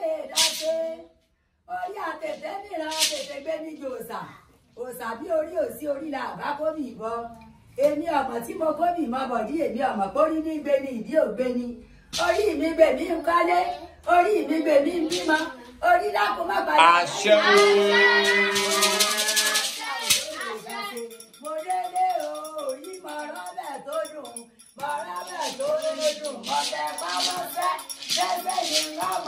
lè orí àtẹ̀tẹ̀ nìran àtẹ̀tẹ̀ gbé níjì òòsà òòsà bí orí òsí orí la àbá kóbì ìbọn èmi ọmọ tí mo kóbì mọ bọ̀dí èmi ọmọ pórí ní gbé ní ìdí ògbé ni orí mi gbè mí ń kálé orí mi gbè mí ń bímọ orí lákòó má bàjẹ́. àṣẹ ooo. Bàrà bẹ̀ tó lójú, ọ̀tẹ̀ pamọ́ fẹ́, fẹ́ fẹ́ yìí ń rọ̀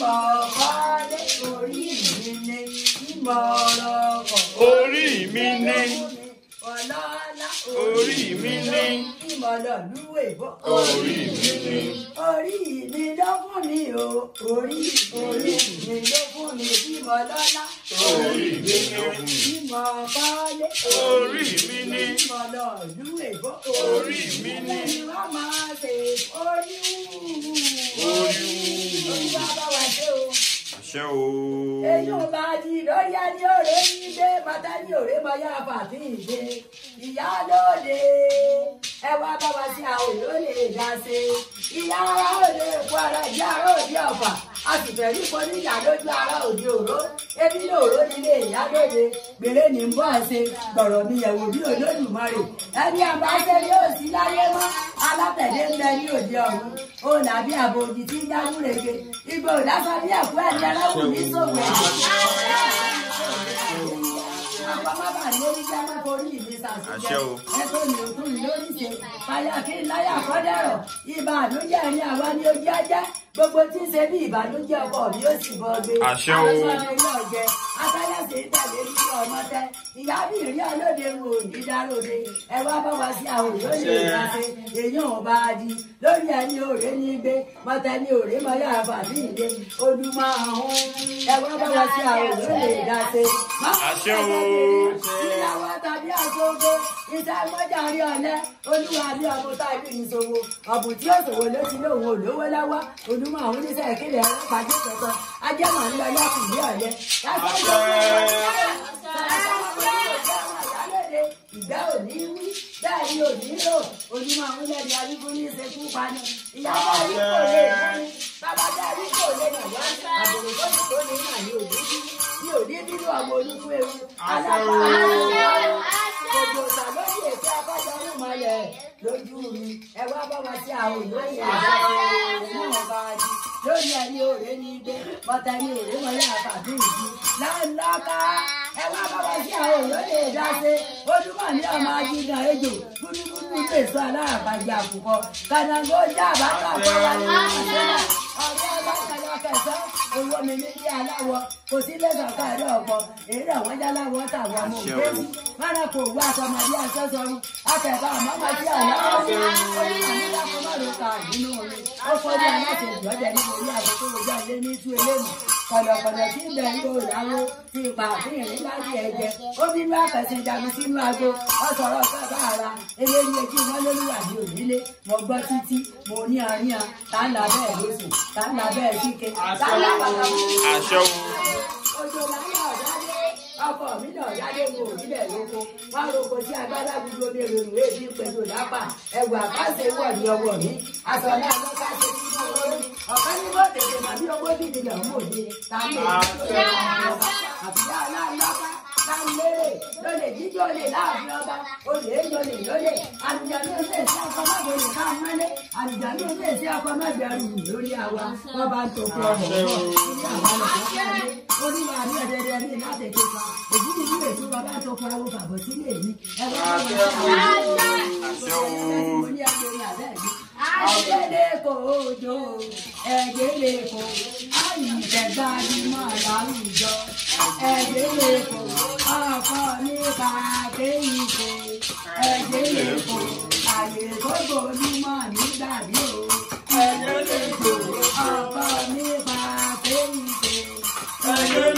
bàbá lé orí mi ní ìmọ̀ràn. Orí mi ní. Ọlọ́lá orí mi ní. Ìmọ̀ràn lúwẹ̀ bọ́. Orí mi ní. Orí mi ló fún mi o. Orí orí mi ló fún mi ìmọ̀lọ́lá. Orí mi ní. Ìmọ̀ bá lé. Orí mi ní. Ìmọ̀ràn lúwẹ̀ bọ́. Orí mi ní. àṣẹ o. èyí ò bá ti lóyá ní ọ̀rẹ́ yìí dé bàtà ní ọ̀rẹ́ mọ yá fàtí ìdè ìyá lóde ẹ wá bá wa sí àwọn èlò lè dá sí ìyá ara ò lè ara ìyá ara ò ọ̀fà a sì tẹ̀lé ìfọ níyà lójú ara òde òró ebi ní òró nílé ìyá lóde gbèrè ní ń bọ́ àṣẹ gbọ̀rọ̀ mi yẹ̀wò bí olódùmarè ẹni àbáṣẹ́ ni ó sí láyé mọ́ alátẹ̀lé ń bẹ ní òde ọ̀run òun àbí àbòjì tí ń dájú rege igbó ìdásọ bí ẹ̀kú ẹ̀dí ẹlẹ́wù ní sòwò àpamọ́bà ní oníṣẹ́ mẹ́fọ́ orí ìlú sàṣìjẹ́ ẹ̀kọ́ ni òtún ìlú oníṣẹ́ pàyàkí láyà kọ́dẹ̀rọ̀ ibà àdójẹ́ ẹ̀rí àwa ni ojú ajá gbogbo tí ń ṣe bí ìbànújẹ́ ọkọ mi ó sì bọ gbé àṣẹ o àwọn ilé ọjẹ abáyàsẹ tàbí ní ọmọ tẹ ìyá mi rí ọlọ́dẹ wò ní dáróde ẹ wá bá wa sí àwọn òyìnbó lè ra èyí ò bá a di lórí ẹni òré ní gbé mọtẹ ní òré mọyà àbàbí ìdè olùmọ àwọn ẹ wá bá wa sí àwọn òyìnbó lè ra ṣe. àṣẹ o ìyàwó tàbí àṣọ ìsàmọ́jà rí ọ̀lẹ́ olúwa rí ọmọ tá a bí ní sowó ọ̀bùn tí yóò sòwò ló ti lóun olówó lọ́wọ́ onímọ̀ àwọn oníṣẹ́ ìkéde ẹ̀rọ pàdé tuntun ajẹ́mọ̀ ń lọ lọ́kùn bí ọ̀lẹ́ ìgbà òní wí bẹ́ẹ̀ ni òní lò onímọ̀ àwọn ẹlẹ́ni arúgbó ní ṣe fún pani ìyàwó arúgbó lè fún bàbá dá arúgbó lè nà wá àbòrò tó ti tó ní ìmọ̀ ní òní bí òní nínú ọmọ olúkú ewu alábàárà mọ́lẹ̀ lójú mi ẹ bá wa sí àwọn èèyàn yẹn níwọ̀n bá wa sí lórí ẹni òré ní gbé bọ́tà ẹni òré mọ́lẹ̀ àfàdé ìdí lọ́ńdọ́ká ẹ bá wa sí àwọn èèyàn lè dá sí ojúmọ̀ ní ọmọ ajínigbọ̀n ejò gúdúgúdú lè sọ aláàbàjẹ́ àkùkọ kànáńgó dábàá kàkọ́ wa ní ọ̀sẹ̀ náà ọ̀rẹ́ ọlọ́kàlọ́kẹ̀sán owó mi nílé aláwọ̀ kò sí lẹ́sàn káàdé ọ̀pọ̀ èrè àwọn jáláwọ̀ tàwọn ọmọ òkèèrè mọ́nà kò wá àtọmọ bí aṣọ sọrú afẹ́fẹ́ àmọ́ máa jẹ́ àwọn ọmọ onímọ̀ nígbà kan mọ́ ló ka nínú orin ó fọ́jú aláṣẹ ìjọ́jẹ́ nítorí àti tó wọjá ilé ní tú eléyìí. kọ̀dọ̀kọ̀dọ̀ tí ń bẹ ìgbò ìdáwó ti ìpà àfihàn nígbà tí ẹ jẹ ó bínú àfẹsẹ̀jàmù sínú aago ọ̀sọ̀rọ̀ ara eléyìí etí wọn lóríwà ní òdílé títí mo ní tá ń labẹ́ ẹ̀ lóṣù tá ń labẹ́ ẹ̀ tá ń labẹ́ ẹ̀ mi náà lóko roko tí gbogbo pẹ̀lú ní ọwọ́ mi ọ̀kan ní bó tètè màbí owó dídì lọ mú òde ta lè lè àbíyá aláìlọ́ba ta lérè lólè jíjó lè láàbí ọba olè lólè lólè àlùjáde ó fèsì ọkọ mọ́gbẹ́ lè ká mọ́lé àlùjáde ó fèsì ọkọ mọ́gbẹ́ rù lórí àwa wọ́n bá ń tokú ọmọ náà ní àwọn ọ̀gá rẹ̀ onímọ̀ àmì ọ̀dẹ̀dẹ̀ ní láti kéka òjijì ní ètò bàbá tó fọwọ́ fàbọ̀ sílé mi ẹ̀rọ ọ̀gá rẹ̀ òjò ẹ̀jẹ̀ lè kó àyìnbẹ̀gbàdì mọ̀ láwùjọ ẹ̀jẹ̀ lè kó ọkọ nípa kéyìnké ẹ̀jẹ̀ lè kó àyè gbogbo onímọ̀ nígbà bí o ẹ̀jẹ̀ lè kó ọkọ nípa kéyìnké ẹ̀jẹ̀ lè kó.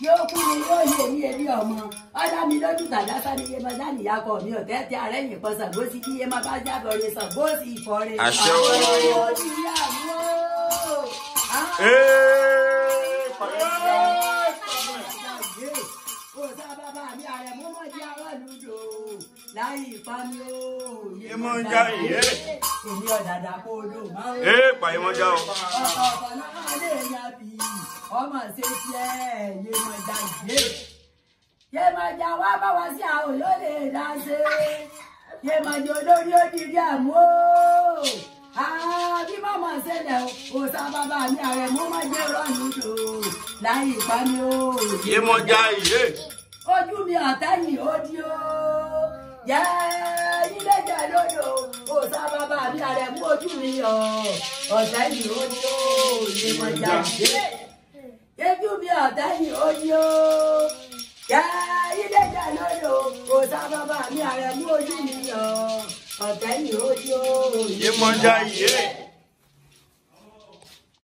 yóò kú ni yóò yé mi èmi ọmọ ọ̀dà mi lójú tàdá sáré yé bá dáni yakọ mi ò tẹ́tẹ́ ara ẹ̀yìn kan Ṣàngó sí kí yé má bá jábọ̀ rẹ Ṣàngó sí ìfọ̀ rẹ. àṣẹ wo láyé ìfami yé mọ ń já ìyé. èmi ọ̀dàdà kó o lò máa ń. ee pàyẹ́ mọ́ já o. ọ̀pọ̀ náà yà ọmọ ṣe tiẹ̀ yé mọ̀jà yé yé mọ̀jà wá bá wá sí àwọn yóò lè dá ṣe yé mọ̀jà olórí òdìrí àmú o àbí mọ̀mọ̀ ṣẹlẹ̀ o sá I'm mi ààrẹ mú mọ̀ jẹ́ rọ́ọ̀nù o láyé ìpamí o. yé mọ̀jà yé. ojú mi ọ̀tá yìí ó di o yẹ ilé jẹ lódò o sá oh, mi ààrẹ mú ojú mi ọ̀ ọ̀tá ọ̀tá yìí ó ní ó. ilé ìjà lódò kò sá bàbá mi àrẹ̀mú ojú mi yàn. Ọ̀tá yìí ó ní ó. Yé mọ́jà yìí.